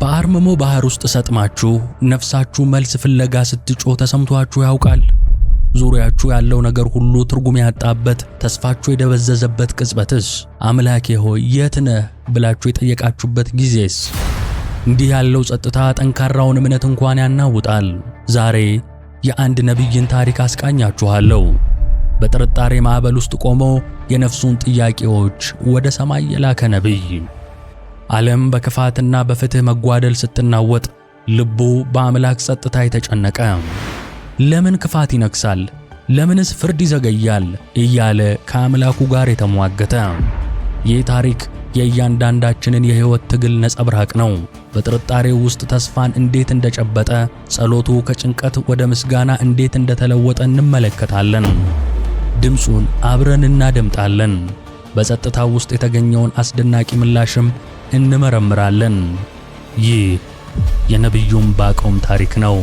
በአርምሞ ባህር ውስጥ ሰጥማችሁ ነፍሳችሁ መልስ ፍለጋ ስትጮህ ተሰምቷችሁ ያውቃል? ዙሪያችሁ ያለው ነገር ሁሉ ትርጉም ያጣበት፣ ተስፋችሁ የደበዘዘበት ቅጽበትስ? አምላኬ ሆይ የት ነህ ብላችሁ የጠየቃችሁበት ጊዜስ? እንዲህ ያለው ጸጥታ ጠንካራውን እምነት እንኳን ያናውጣል። ዛሬ የአንድ ነቢይን ታሪክ አስቃኛችኋለሁ። በጥርጣሬ ማዕበል ውስጥ ቆሞ የነፍሱን ጥያቄዎች ወደ ሰማይ የላከ ነቢይ ዓለም በክፋትና በፍትህ መጓደል ስትናወጥ፣ ልቡ በአምላክ ጸጥታ የተጨነቀ ለምን ክፋት ይነግሣል? ለምንስ ፍርድ ይዘገያል? እያለ ከአምላኩ ጋር የተሟገተ ይህ ታሪክ የእያንዳንዳችንን የሕይወት ትግል ነጸብራቅ ነው። በጥርጣሬው ውስጥ ተስፋን እንዴት እንደጨበጠ፣ ጸሎቱ ከጭንቀት ወደ ምስጋና እንዴት እንደተለወጠ እንመለከታለን። ድምፁን አብረን እናደምጣለን። በጸጥታው ውስጥ የተገኘውን አስደናቂ ምላሽም እንመረምራለን። ይህ የነቢዩ ዕንባቆም ታሪክ ነው።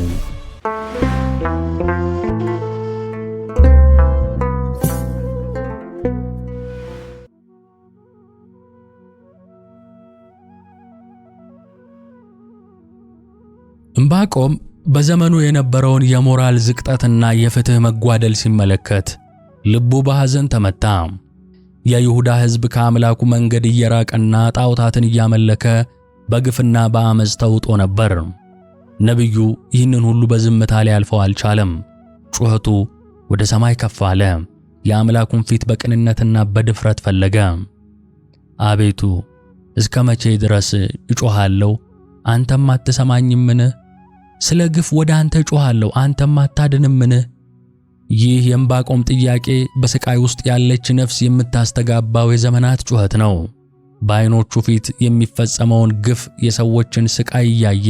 ዕንባቆም በዘመኑ የነበረውን የሞራል ዝቅጠትና የፍትሕ መጓደል ሲመለከት ልቡ በሐዘን ተመታ። የይሁዳ ሕዝብ ከአምላኩ መንገድ እየራቀና ጣዖታትን እያመለከ በግፍና በአመፅ ተውጦ ነበር። ነቢዩ ይህንን ሁሉ በዝምታ ሊያልፈው አልቻለም። ጩኸቱ ወደ ሰማይ ከፍ አለ። የአምላኩን ፊት በቅንነትና በድፍረት ፈለገ። አቤቱ እስከ መቼ ድረስ እጮኻለሁ? አንተም አትሰማኝምን? ስለ ግፍ ወደ አንተ እጮኻለሁ፣ አንተም አታድንምን? ይህ የእምባቆም ጥያቄ በስቃይ ውስጥ ያለች ነፍስ የምታስተጋባው የዘመናት ጩኸት ነው። በዐይኖቹ ፊት የሚፈጸመውን ግፍ፣ የሰዎችን ስቃይ እያየ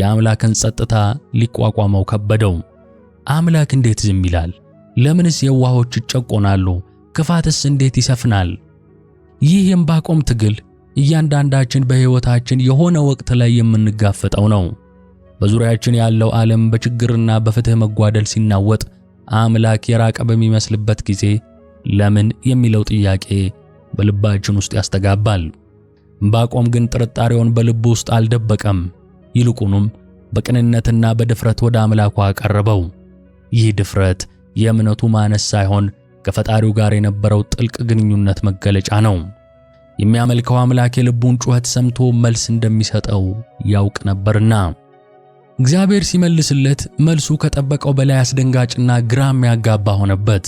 የአምላክን ጸጥታ ሊቋቋመው ከበደው። አምላክ እንዴት ዝም ይላል? ለምንስ የዋሆች ይጨቆናሉ? ክፋትስ እንዴት ይሰፍናል? ይህ የእምባቆም ትግል እያንዳንዳችን በሕይወታችን የሆነ ወቅት ላይ የምንጋፈጠው ነው። በዙሪያችን ያለው ዓለም በችግርና በፍትሕ መጓደል ሲናወጥ አምላክ የራቀ በሚመስልበት ጊዜ ለምን የሚለው ጥያቄ በልባችን ውስጥ ያስተጋባል። ዕንባቆም ግን ጥርጣሬውን በልቡ ውስጥ አልደበቀም። ይልቁኑም በቅንነትና በድፍረት ወደ አምላኩ አቀረበው። ይህ ድፍረት የእምነቱ ማነስ ሳይሆን ከፈጣሪው ጋር የነበረው ጥልቅ ግንኙነት መገለጫ ነው። የሚያመልከው አምላክ የልቡን ጩኸት ሰምቶ መልስ እንደሚሰጠው ያውቅ ነበርና እግዚአብሔር ሲመልስለት መልሱ ከጠበቀው በላይ አስደንጋጭና ግራ የሚያጋባ ሆነበት።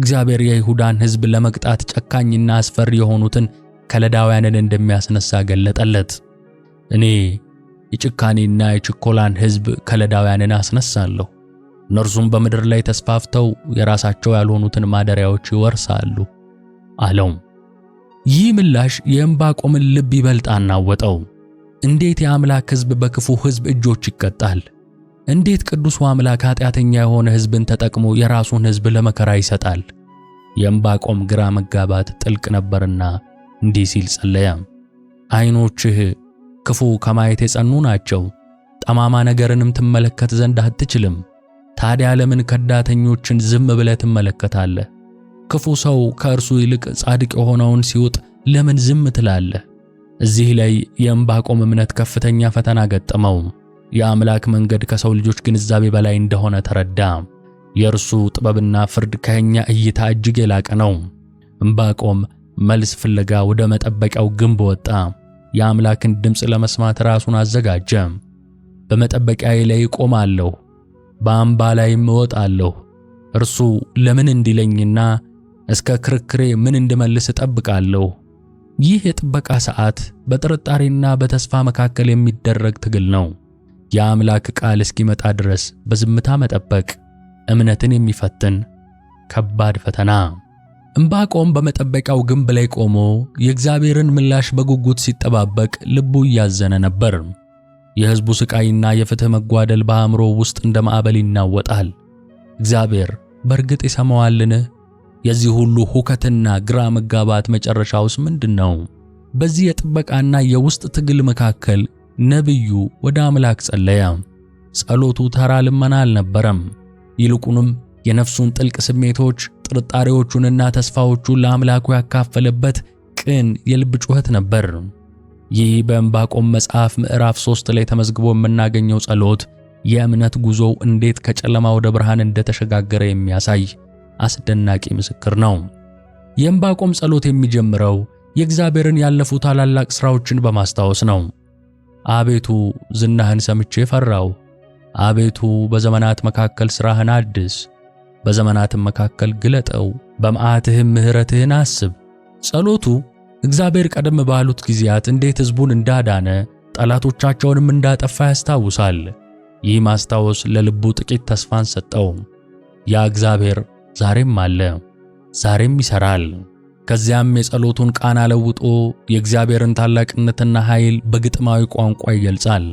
እግዚአብሔር የይሁዳን ሕዝብ ለመቅጣት ጨካኝና አስፈሪ የሆኑትን ከለዳውያንን እንደሚያስነሳ ገለጠለት። እኔ የጭካኔና የችኮላን ሕዝብ ከለዳውያንን አስነሳለሁ፣ እነርሱም በምድር ላይ ተስፋፍተው የራሳቸው ያልሆኑትን ማደሪያዎች ይወርሳሉ አለው። ይህ ምላሽ የዕንባቆምን ልብ ይበልጥ አናወጠው። እንዴት የአምላክ ሕዝብ በክፉ ሕዝብ እጆች ይቀጣል? እንዴት ቅዱሱ አምላክ ኃጢአተኛ የሆነ ሕዝብን ተጠቅሞ የራሱን ሕዝብ ለመከራ ይሰጣል? የዕንባቆም ግራ መጋባት ጥልቅ ነበርና እንዲህ ሲል ጸለያም። ዓይኖችህ ክፉ ከማየት የጸኑ ናቸው፣ ጠማማ ነገርንም ትመለከት ዘንድ አትችልም። ታዲያ ለምን ከዳተኞችን ዝም ብለህ ትመለከታለህ? ክፉ ሰው ከእርሱ ይልቅ ጻድቅ የሆነውን ሲውጥ ለምን ዝም ትላለህ? እዚህ ላይ የእምባቆም እምነት ከፍተኛ ፈተና ገጠመው። የአምላክ መንገድ ከሰው ልጆች ግንዛቤ በላይ እንደሆነ ተረዳ። የእርሱ ጥበብና ፍርድ ከእኛ እይታ እጅግ የላቀ ነው። እምባቆም መልስ ፍለጋ ወደ መጠበቂያው ግንብ ወጣ። የአምላክን ድምፅ ለመስማት ራሱን አዘጋጀ። በመጠበቂያዬ ላይ እቆማለሁ፣ በአምባ ላይም እወጣለሁ። እርሱ ለምን እንዲለኝና እስከ ክርክሬ ምን እንድመልስ እጠብቃለሁ። ይህ የጥበቃ ሰዓት በጥርጣሬና በተስፋ መካከል የሚደረግ ትግል ነው። የአምላክ ቃል እስኪመጣ ድረስ በዝምታ መጠበቅ እምነትን የሚፈትን ከባድ ፈተና። ዕንባቆም በመጠበቂያው ግንብ ላይ ቆሞ የእግዚአብሔርን ምላሽ በጉጉት ሲጠባበቅ ልቡ እያዘነ ነበር። የሕዝቡ ሥቃይና የፍትሕ መጓደል በአእምሮ ውስጥ እንደ ማዕበል ይናወጣል። እግዚአብሔር በእርግጥ ይሰማዋልን? የዚህ ሁሉ ሁከትና ግራ መጋባት መጨረሻውስ ምንድን ነው? በዚህ የጥበቃና የውስጥ ትግል መካከል ነቢዩ ወደ አምላክ ጸለየ። ጸሎቱ ተራ ልመና አልነበረም። ይልቁንም የነፍሱን ጥልቅ ስሜቶች፣ ጥርጣሬዎቹንና ተስፋዎቹን ለአምላኩ ያካፈለበት ቅን የልብ ጩኸት ነበር። ይህ በዕንባቆም መጽሐፍ ምዕራፍ 3 ላይ ተመዝግቦ የምናገኘው ጸሎት የእምነት ጉዞው እንዴት ከጨለማ ወደ ብርሃን እንደተሸጋገረ የሚያሳይ አስደናቂ ምስክር ነው። የዕንባቆም ጸሎት የሚጀምረው የእግዚአብሔርን ያለፉ ታላላቅ ሥራዎችን በማስታወስ ነው። አቤቱ ዝናህን ሰምቼ ፈራው። አቤቱ በዘመናት መካከል ሥራህን አድስ፣ በዘመናትም መካከል ግለጠው፣ በመዓትህም ምሕረትህን አስብ። ጸሎቱ እግዚአብሔር ቀደም ባሉት ጊዜያት እንዴት ሕዝቡን እንዳዳነ ጠላቶቻቸውንም እንዳጠፋ ያስታውሳል። ይህ ማስታወስ ለልቡ ጥቂት ተስፋን ሰጠው። ያ እግዚአብሔር ዛሬም አለ፣ ዛሬም ይሠራል። ከዚያም የጸሎቱን ቃና ለውጦ የእግዚአብሔርን ታላቅነትና ኃይል በግጥማዊ ቋንቋ ይገልጻል።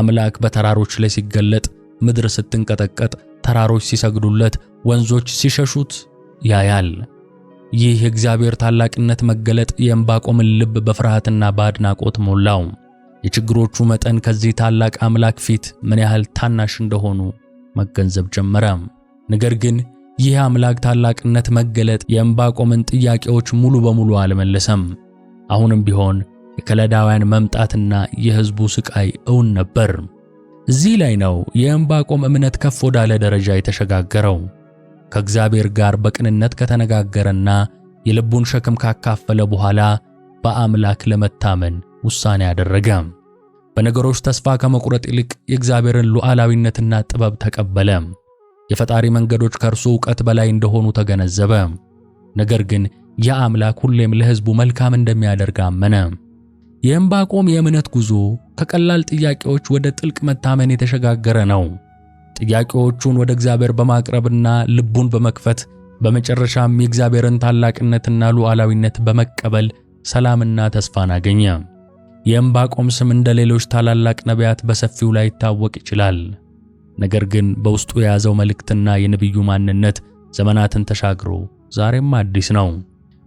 አምላክ በተራሮች ላይ ሲገለጥ፣ ምድር ስትንቀጠቀጥ፣ ተራሮች ሲሰግዱለት፣ ወንዞች ሲሸሹት ያያል። ይህ የእግዚአብሔር ታላቅነት መገለጥ የዕንባቆምን ልብ በፍርሃትና በአድናቆት ሞላው። የችግሮቹ መጠን ከዚህ ታላቅ አምላክ ፊት ምን ያህል ታናሽ እንደሆኑ መገንዘብ ጀመረ። ነገር ግን ይህ አምላክ ታላቅነት መገለጥ የዕንባቆምን ጥያቄዎች ሙሉ በሙሉ አልመለሰም። አሁንም ቢሆን የከለዳውያን መምጣትና የሕዝቡ ሥቃይ እውን ነበር። እዚህ ላይ ነው የዕንባቆም እምነት ከፍ ወዳለ ደረጃ የተሸጋገረው። ከእግዚአብሔር ጋር በቅንነት ከተነጋገረና የልቡን ሸክም ካካፈለ በኋላ በአምላክ ለመታመን ውሳኔ አደረገ። በነገሮች ተስፋ ከመቁረጥ ይልቅ የእግዚአብሔርን ሉዓላዊነትና ጥበብ ተቀበለ። የፈጣሪ መንገዶች ከእርሱ ዕውቀት በላይ እንደሆኑ ተገነዘበ። ነገር ግን ያ አምላክ ሁሌም ለሕዝቡ መልካም እንደሚያደርግ አመነ። የዕንባቆም የእምነት ጉዞ ከቀላል ጥያቄዎች ወደ ጥልቅ መታመን የተሸጋገረ ነው። ጥያቄዎቹን ወደ እግዚአብሔር በማቅረብና ልቡን በመክፈት በመጨረሻም የእግዚአብሔርን ታላቅነትና ሉዓላዊነት በመቀበል ሰላምና ተስፋን አገኘ። የዕንባቆም ስም እንደ ሌሎች ታላላቅ ነቢያት በሰፊው ላይ ይታወቅ ይችላል። ነገር ግን በውስጡ የያዘው መልእክትና የነቢዩ ማንነት ዘመናትን ተሻግሮ ዛሬም አዲስ ነው።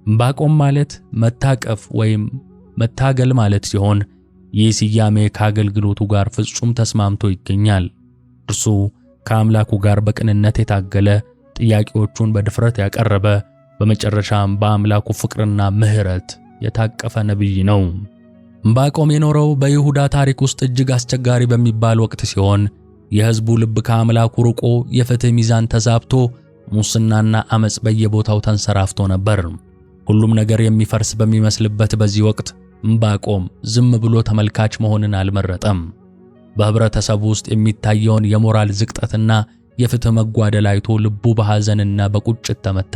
ዕንባቆም ማለት መታቀፍ ወይም መታገል ማለት ሲሆን ይህ ስያሜ ከአገልግሎቱ ጋር ፍጹም ተስማምቶ ይገኛል። እርሱ ከአምላኩ ጋር በቅንነት የታገለ፣ ጥያቄዎቹን በድፍረት ያቀረበ፣ በመጨረሻም በአምላኩ ፍቅርና ምሕረት የታቀፈ ነቢይ ነው። ዕንባቆም የኖረው በይሁዳ ታሪክ ውስጥ እጅግ አስቸጋሪ በሚባል ወቅት ሲሆን የሕዝቡ ልብ ከአምላኩ ርቆ የፍትህ ሚዛን ተዛብቶ ሙስናና አመፅ በየቦታው ተንሰራፍቶ ነበር። ሁሉም ነገር የሚፈርስ በሚመስልበት በዚህ ወቅት እምባቆም ዝም ብሎ ተመልካች መሆንን አልመረጠም። በኅብረተሰቡ ውስጥ የሚታየውን የሞራል ዝቅጠትና የፍትህ መጓደል አይቶ ልቡ በሐዘንና በቁጭት ተመታ።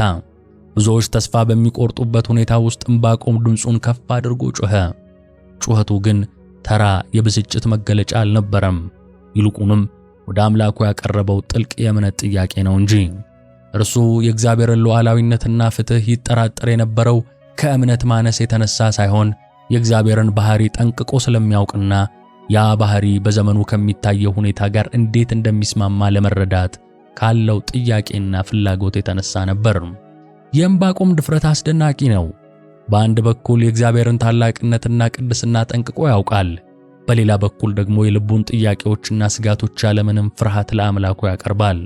ብዙዎች ተስፋ በሚቆርጡበት ሁኔታ ውስጥ እምባቆም ድምፁን ከፍ አድርጎ ጮኸ። ጩኸቱ ግን ተራ የብስጭት መገለጫ አልነበረም። ይልቁንም ወደ አምላኩ ያቀረበው ጥልቅ የእምነት ጥያቄ ነው እንጂ። እርሱ የእግዚአብሔርን ሉዓላዊነትና ፍትሕ ይጠራጠር የነበረው ከእምነት ማነስ የተነሳ ሳይሆን የእግዚአብሔርን ባህሪ ጠንቅቆ ስለሚያውቅና ያ ባህሪ በዘመኑ ከሚታየው ሁኔታ ጋር እንዴት እንደሚስማማ ለመረዳት ካለው ጥያቄና ፍላጎት የተነሳ ነበር። የዕንባቆም ድፍረት አስደናቂ ነው። በአንድ በኩል የእግዚአብሔርን ታላቅነትና ቅድስና ጠንቅቆ ያውቃል። በሌላ በኩል ደግሞ የልቡን ጥያቄዎችና ስጋቶች ያለምንም ፍርሃት ለአምላኩ ያቀርባል።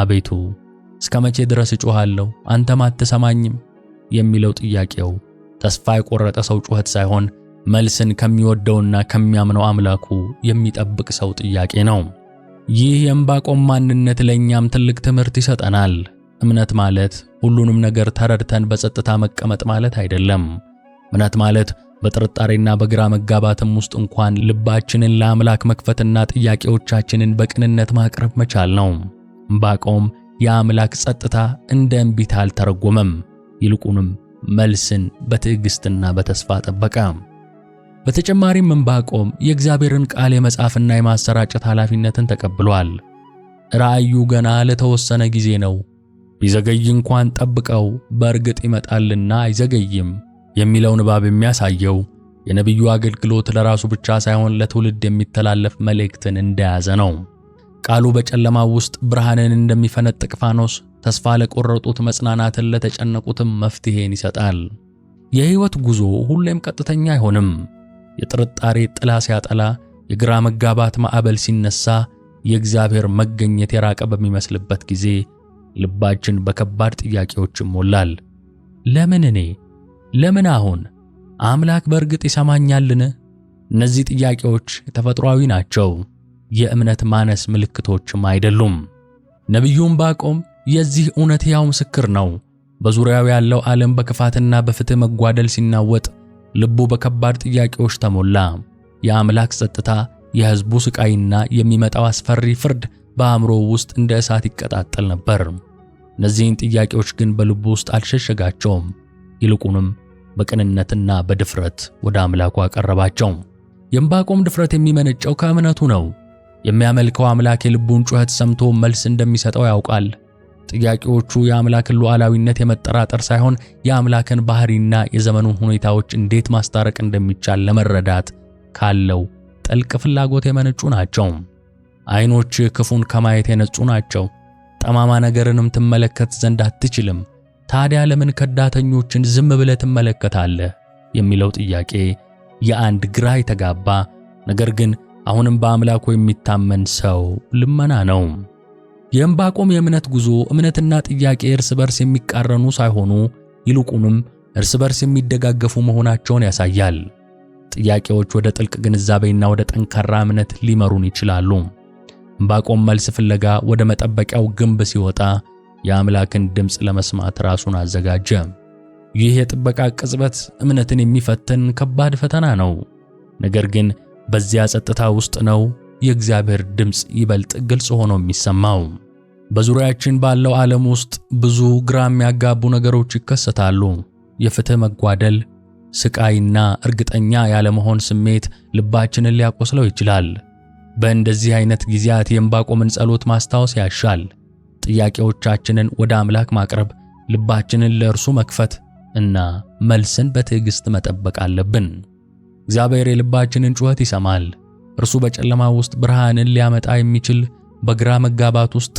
አቤቱ እስከ መቼ ድረስ እጮሃለሁ አንተም አትሰማኝም? የሚለው ጥያቄው ተስፋ የቆረጠ ሰው ጩኸት ሳይሆን መልስን ከሚወደውና ከሚያምነው አምላኩ የሚጠብቅ ሰው ጥያቄ ነው። ይህ የዕንባቆም ማንነት ለእኛም ትልቅ ትምህርት ይሰጠናል። እምነት ማለት ሁሉንም ነገር ተረድተን በጸጥታ መቀመጥ ማለት አይደለም። እምነት ማለት በጥርጣሬና በግራ መጋባትም ውስጥ እንኳን ልባችንን ለአምላክ መክፈትና ጥያቄዎቻችንን በቅንነት ማቅረብ መቻል ነው። ዕንባቆም የአምላክ ጸጥታ እንደ እምቢታ አልተረጎመም። ይልቁንም መልስን በትዕግሥትና በተስፋ ጠበቀ። በተጨማሪም ዕንባቆም የእግዚአብሔርን ቃል የመጻፍና የማሰራጨት ኃላፊነትን ተቀብሏል። ራእዩ ገና ለተወሰነ ጊዜ ነው። ቢዘገይ እንኳን ጠብቀው፣ በእርግጥ ይመጣልና አይዘገይም የሚለው ንባብ የሚያሳየው የነቢዩ አገልግሎት ለራሱ ብቻ ሳይሆን ለትውልድ የሚተላለፍ መልእክትን እንደያዘ ነው። ቃሉ በጨለማው ውስጥ ብርሃንን እንደሚፈነጥቅ ፋኖስ ተስፋ ለቆረጡት መጽናናትን፣ ለተጨነቁትም መፍትሄን ይሰጣል። የሕይወት ጉዞ ሁሌም ቀጥተኛ አይሆንም። የጥርጣሬ ጥላ ሲያጠላ፣ የግራ መጋባት ማዕበል ሲነሳ፣ የእግዚአብሔር መገኘት የራቀ በሚመስልበት ጊዜ ልባችን በከባድ ጥያቄዎች ይሞላል። ለምን እኔ ለምን አሁን? አምላክ በእርግጥ ይሰማኛልን? እነዚህ ጥያቄዎች ተፈጥሯዊ ናቸው፣ የእምነት ማነስ ምልክቶችም አይደሉም። ነቢዩ ዕንባቆም የዚህ እውነት ሕያው ምስክር ነው። በዙሪያው ያለው ዓለም በክፋትና በፍትሕ መጓደል ሲናወጥ፣ ልቡ በከባድ ጥያቄዎች ተሞላ። የአምላክ ጸጥታ፣ የሕዝቡ ሥቃይና የሚመጣው አስፈሪ ፍርድ በአእምሮ ውስጥ እንደ እሳት ይቀጣጠል ነበር። እነዚህን ጥያቄዎች ግን በልቡ ውስጥ አልሸሸጋቸውም። ይልቁንም በቅንነትና በድፍረት ወደ አምላኩ አቀረባቸው። የዕንባቆም ድፍረት የሚመነጨው ከእምነቱ ነው። የሚያመልከው አምላክ የልቡን ጩኸት ሰምቶ መልስ እንደሚሰጠው ያውቃል። ጥያቄዎቹ የአምላክን ሉዓላዊነት የመጠራጠር ሳይሆን የአምላክን ባህሪና የዘመኑን ሁኔታዎች እንዴት ማስታረቅ እንደሚቻል ለመረዳት ካለው ጥልቅ ፍላጎት የመነጩ ናቸው። ዓይኖች ክፉን ከማየት የነጹ ናቸው። ጠማማ ነገርንም ትመለከት ዘንድ አትችልም። ታዲያ ለምን ከዳተኞችን ዝም ብለህ ትመለከታለህ? የሚለው ጥያቄ የአንድ ግራ የተጋባ ነገር ግን አሁንም በአምላኩ የሚታመን ሰው ልመና ነው። የዕንባቆም የእምነት ጉዞ እምነትና ጥያቄ እርስ በርስ የሚቃረኑ ሳይሆኑ ይልቁንም እርስ በርስ የሚደጋገፉ መሆናቸውን ያሳያል። ጥያቄዎች ወደ ጥልቅ ግንዛቤና ወደ ጠንካራ እምነት ሊመሩን ይችላሉ። ዕንባቆም መልስ ፍለጋ ወደ መጠበቂያው ግንብ ሲወጣ የአምላክን ድምፅ ለመስማት ራሱን አዘጋጀ። ይህ የጥበቃ ቅጽበት እምነትን የሚፈትን ከባድ ፈተና ነው። ነገር ግን በዚያ ጸጥታ ውስጥ ነው የእግዚአብሔር ድምፅ ይበልጥ ግልጽ ሆኖ የሚሰማው። በዙሪያችን ባለው ዓለም ውስጥ ብዙ ግራ የሚያጋቡ ነገሮች ይከሰታሉ። የፍትህ መጓደል፣ ስቃይና እርግጠኛ ያለመሆን ስሜት ልባችንን ሊያቆስለው ይችላል። በእንደዚህ አይነት ጊዜያት የዕንባቆምን ጸሎት ማስታወስ ያሻል። ጥያቄዎቻችንን ወደ አምላክ ማቅረብ፣ ልባችንን ለእርሱ መክፈት እና መልስን በትዕግስት መጠበቅ አለብን። እግዚአብሔር የልባችንን ጩኸት ይሰማል። እርሱ በጨለማ ውስጥ ብርሃንን ሊያመጣ የሚችል፣ በግራ መጋባት ውስጥ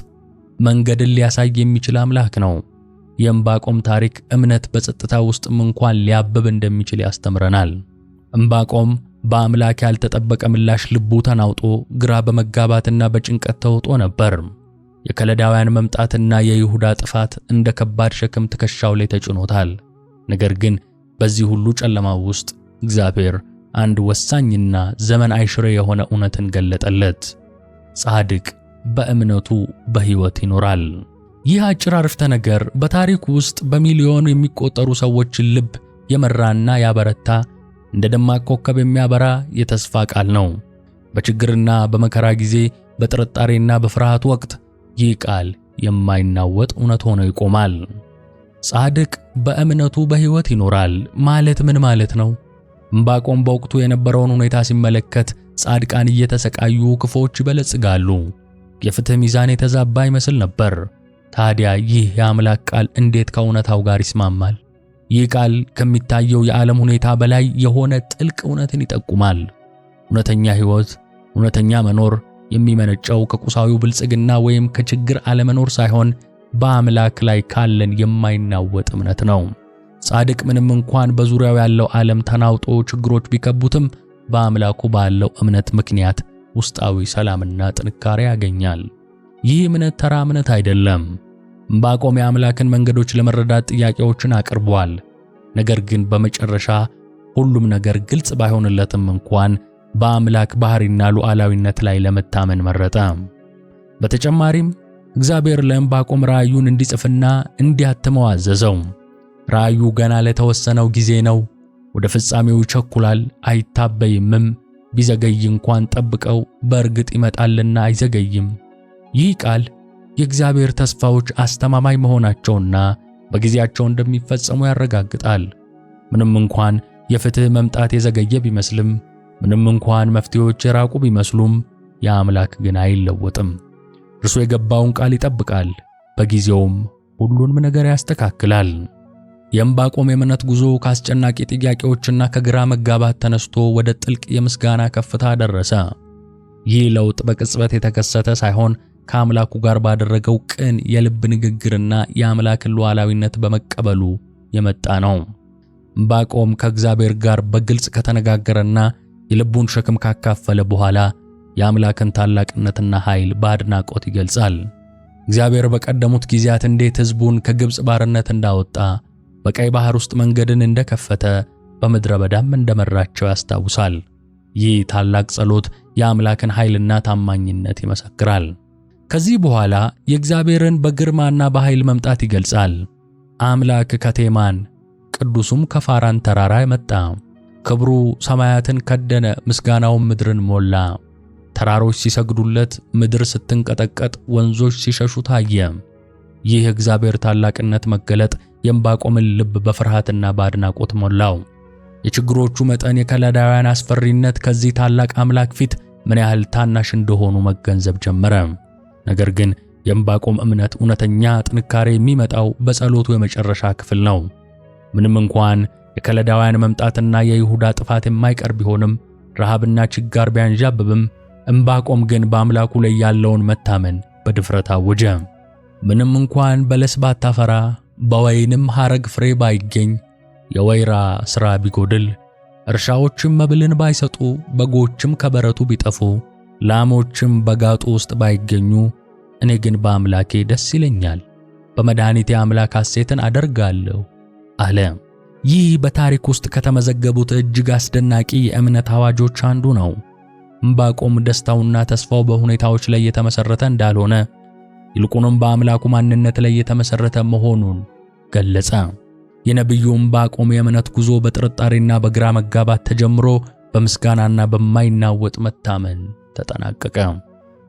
መንገድን ሊያሳይ የሚችል አምላክ ነው። የእምባቆም ታሪክ እምነት በጸጥታ ውስጥም እንኳን ሊያብብ እንደሚችል ያስተምረናል። እምባቆም በአምላክ ያልተጠበቀ ምላሽ ልቡ ተናውጦ ግራ በመጋባትና በጭንቀት ተውጦ ነበር። የከለዳውያን መምጣትና የይሁዳ ጥፋት እንደ ከባድ ሸክም ትከሻው ላይ ተጭኖታል። ነገር ግን በዚህ ሁሉ ጨለማ ውስጥ እግዚአብሔር አንድ ወሳኝና ዘመን አይሽሬ የሆነ እውነትን ገለጠለት። ጻድቅ በእምነቱ በሕይወት ይኖራል። ይህ አጭር አረፍተ ነገር በታሪክ ውስጥ በሚሊዮን የሚቆጠሩ ሰዎችን ልብ የመራና ያበረታ እንደ ደማቅ ኮከብ የሚያበራ የተስፋ ቃል ነው። በችግርና በመከራ ጊዜ፣ በጥርጣሬና በፍርሃት ወቅት ይህ ቃል የማይናወጥ እውነት ሆኖ ይቆማል። ጻድቅ በእምነቱ በሕይወት ይኖራል ማለት ምን ማለት ነው? ዕንባቆም በወቅቱ የነበረውን ሁኔታ ሲመለከት ጻድቃን እየተሰቃዩ ክፉዎች ይበለጽጋሉ፣ የፍትህ ሚዛን የተዛባ ይመስል ነበር። ታዲያ ይህ የአምላክ ቃል እንዴት ከእውነታው ጋር ይስማማል? ይህ ቃል ከሚታየው የዓለም ሁኔታ በላይ የሆነ ጥልቅ እውነትን ይጠቁማል። እውነተኛ ሕይወት፣ እውነተኛ መኖር የሚመነጨው ከቁሳዊው ብልጽግና ወይም ከችግር አለመኖር ሳይሆን በአምላክ ላይ ካለን የማይናወጥ እምነት ነው። ጻድቅ ምንም እንኳን በዙሪያው ያለው ዓለም ተናውጦ ችግሮች ቢከቡትም በአምላኩ ባለው እምነት ምክንያት ውስጣዊ ሰላምና ጥንካሬ ያገኛል። ይህ እምነት ተራ እምነት አይደለም። ዕንባቆም የአምላክን መንገዶች ለመረዳት ጥያቄዎችን አቅርቧል። ነገር ግን በመጨረሻ ሁሉም ነገር ግልጽ ባይሆንለትም እንኳን በአምላክ ባሕሪና ሉዓላዊነት ላይ ለመታመን መረጠ። በተጨማሪም እግዚአብሔር ለዕንባቆም ራእዩን እንዲጽፍና እንዲያትመው አዘዘው። ራእዩ ገና ለተወሰነው ጊዜ ነው፣ ወደ ፍጻሜው ይቸኩላል፣ አይታበይምም። ቢዘገይ እንኳን ጠብቀው፣ በእርግጥ ይመጣልና አይዘገይም። ይህ ቃል የእግዚአብሔር ተስፋዎች አስተማማኝ መሆናቸውና በጊዜያቸው እንደሚፈጸሙ ያረጋግጣል። ምንም እንኳን የፍትህ መምጣት የዘገየ ቢመስልም ምንም እንኳን መፍትሄዎች የራቁ ቢመስሉም ያ አምላክ ግን አይለወጥም። እርሱ የገባውን ቃል ይጠብቃል፣ በጊዜውም ሁሉንም ነገር ያስተካክላል። የዕንባቆም የእምነት ጉዞ ከአስጨናቂ ጥያቄዎችና ከግራ መጋባት ተነስቶ ወደ ጥልቅ የምስጋና ከፍታ ደረሰ። ይህ ለውጥ በቅጽበት የተከሰተ ሳይሆን ከአምላኩ ጋር ባደረገው ቅን የልብ ንግግርና የአምላክን ሉዓላዊነት በመቀበሉ የመጣ ነው። ዕንባቆም ከእግዚአብሔር ጋር በግልጽ ከተነጋገረና የልቡን ሸክም ካካፈለ በኋላ የአምላክን ታላቅነትና ኃይል በአድናቆት ይገልጻል። እግዚአብሔር በቀደሙት ጊዜያት እንዴት ሕዝቡን ከግብፅ ባርነት እንዳወጣ፣ በቀይ ባሕር ውስጥ መንገድን እንደከፈተ፣ በምድረ በዳም እንደመራቸው ያስታውሳል። ይህ ታላቅ ጸሎት የአምላክን ኃይልና ታማኝነት ይመሰክራል። ከዚህ በኋላ የእግዚአብሔርን በግርማና በኃይል መምጣት ይገልጻል። አምላክ ከቴማን ቅዱሱም ከፋራን ተራራ መጣ። ክብሩ ሰማያትን ከደነ፣ ምስጋናውም ምድርን ሞላ። ተራሮች ሲሰግዱለት፣ ምድር ስትንቀጠቀጥ፣ ወንዞች ሲሸሹ ታየ። ይህ የእግዚአብሔር ታላቅነት መገለጥ የዕንባቆምን ልብ በፍርሃትና በአድናቆት ሞላው። የችግሮቹ መጠን፣ የከለዳውያን አስፈሪነት ከዚህ ታላቅ አምላክ ፊት ምን ያህል ታናሽ እንደሆኑ መገንዘብ ጀመረ። ነገር ግን የዕንባቆም እምነት እውነተኛ ጥንካሬ የሚመጣው በጸሎቱ የመጨረሻ ክፍል ነው። ምንም እንኳን የከለዳውያን መምጣትና የይሁዳ ጥፋት የማይቀር ቢሆንም ረሃብና ችጋር ቢያንዣብብም ዕንባቆም ግን በአምላኩ ላይ ያለውን መታመን በድፍረት አወጀ። ምንም እንኳን በለስ ባታፈራ፣ በወይንም ሐረግ ፍሬ ባይገኝ፣ የወይራ ሥራ ቢጎድል፣ እርሻዎችም መብልን ባይሰጡ፣ በጎችም ከበረቱ ቢጠፉ፣ ላሞችም በጋጡ ውስጥ ባይገኙ፣ እኔ ግን በአምላኬ ደስ ይለኛል፣ በመድኃኒቴ አምላክ ሐሴትን አደርጋለሁ አለ። ይህ በታሪክ ውስጥ ከተመዘገቡት እጅግ አስደናቂ የእምነት አዋጆች አንዱ ነው። እምባቆም ደስታውና ተስፋው በሁኔታዎች ላይ የተመሰረተ እንዳልሆነ ይልቁንም በአምላኩ ማንነት ላይ የተመሰረተ መሆኑን ገለጸ። የነቢዩ እምባቆም የእምነት ጉዞ በጥርጣሬና በግራ መጋባት ተጀምሮ በምስጋናና በማይናወጥ መታመን ተጠናቀቀ።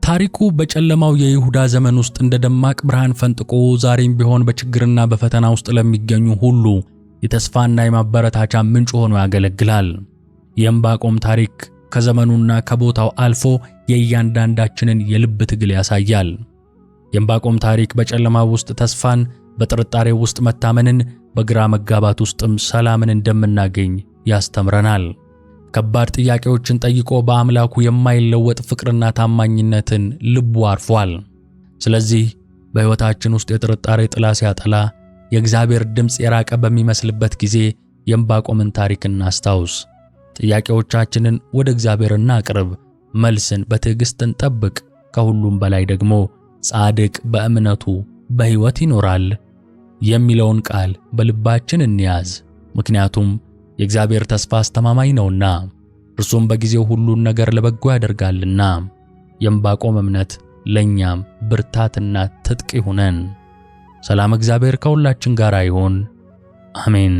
ታሪኩ በጨለማው የይሁዳ ዘመን ውስጥ እንደ ደማቅ ብርሃን ፈንጥቆ ዛሬም ቢሆን በችግርና በፈተና ውስጥ ለሚገኙ ሁሉ የተስፋና የማበረታቻ ምንጭ ሆኖ ያገለግላል። የዕንባቆም ታሪክ ከዘመኑና ከቦታው አልፎ የእያንዳንዳችንን የልብ ትግል ያሳያል። የዕንባቆም ታሪክ በጨለማ ውስጥ ተስፋን፣ በጥርጣሬ ውስጥ መታመንን፣ በግራ መጋባት ውስጥም ሰላምን እንደምናገኝ ያስተምረናል። ከባድ ጥያቄዎችን ጠይቆ በአምላኩ የማይለወጥ ፍቅርና ታማኝነትን ልቡ አርፏል። ስለዚህ በሕይወታችን ውስጥ የጥርጣሬ ጥላ ሲያጠላ የእግዚአብሔር ድምፅ የራቀ በሚመስልበት ጊዜ የዕንባቆምን ታሪክ እናስታውስ። ጥያቄዎቻችንን ወደ እግዚአብሔር እናቅርብ፣ መልስን በትዕግሥት እንጠብቅ። ከሁሉም በላይ ደግሞ ጻድቅ በእምነቱ በሕይወት ይኖራል የሚለውን ቃል በልባችን እንያዝ። ምክንያቱም የእግዚአብሔር ተስፋ አስተማማኝ ነውና እርሱም በጊዜው ሁሉን ነገር ለበጎ ያደርጋልና። የዕንባቆም እምነት ለእኛም ብርታትና ትጥቅ ይሁነን። ሰላም እግዚአብሔር ከሁላችን ጋር ይሁን። አሜን።